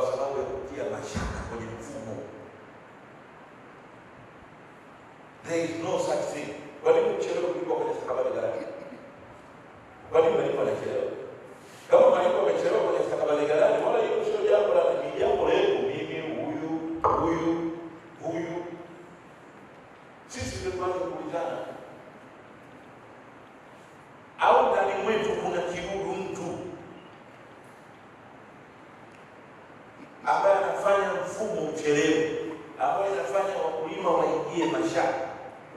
kwa sababu ya kutia mashaka kwenye mfumo. There is no such thing. Walimu mchelewa kulipwa kwenye stakabadhi gani? Walimu walikuwa wanachelewa. Kama mwalimu amechelewa kwenye stakabadhi gani, wala hiyo sio jambo la jambo letu, mimi huyu huyu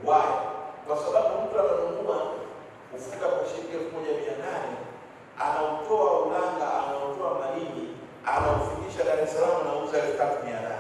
Why? Kwa sababu mtu ananunua ufuta kwa shilingi elfu moja mia nane anautoa Ulanga, anautoa Malindi, anaufikisha Dar es Salaam, anauza elfu tatu mia nane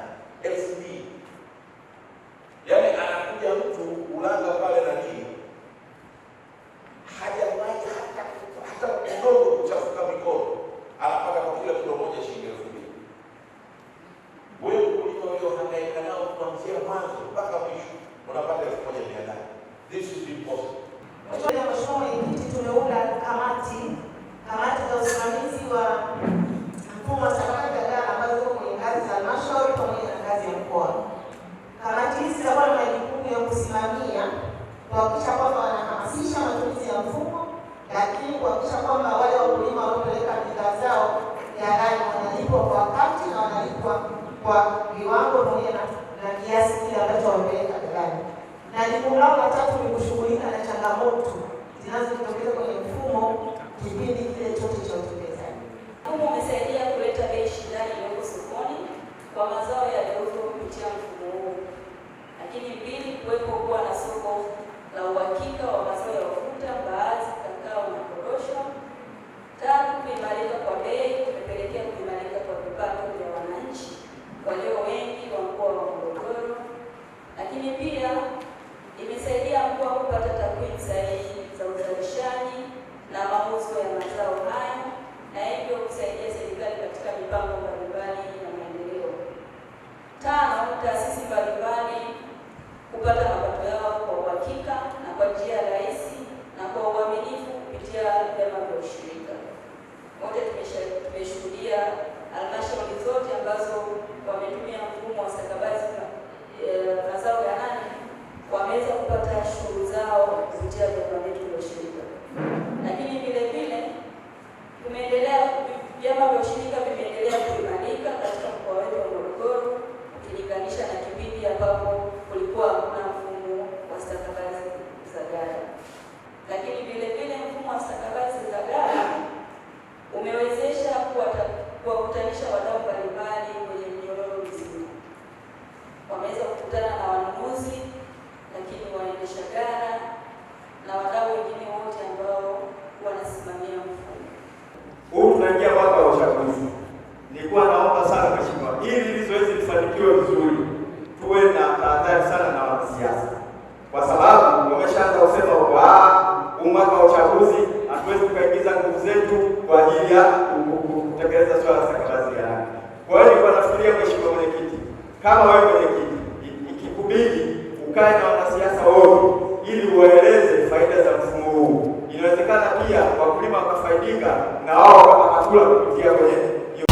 mfumo lakini kuhakikisha kwamba wale wakulima wanaopeleka bidhaa zao ghalani wanalipwa kwa wakati na wanalipwa kwa viwango pamoja na kiasi kile ambacho wamepeleka ghalani. Na jukumu lao la tatu ni kushughulika na changamoto zinazojitokeza kwenye mfumo kipindi kile chote cha utekelezaji. Mfumo umesaidia kuleta bei shindani iliyoko sokoni kwa mazao yaliyouzwa kupitia mfumo huu, lakini mbili, kuwepo kuwa na soko la uhakika wa mbalimbali kupata mapato yao kwa uhakika na kwa njia rahisi na kwa uaminifu kupitia vyama vya ushirika. Wote tumeshuhudia halmashauri zote ambazo wametumia mfumo wa stakabadhi eh, mazao ya nane wameweza kupata shughuli mwaka wa uchaguzi, hatuwezi kukaingiza nguvu zetu kwa ajili ya kutekeleza swala la sakatazi ya haki. Kwa hiyo nilikuwa nafikiria, mheshimiwa mwenyekiti, kama wewe mwenyekiti, ikikubidi ukae na wanasiasa wote ili uwaeleze faida za mfumo huu, inawezekana pia wakulima wakafaidika na wao wakapatula kupitia kwenye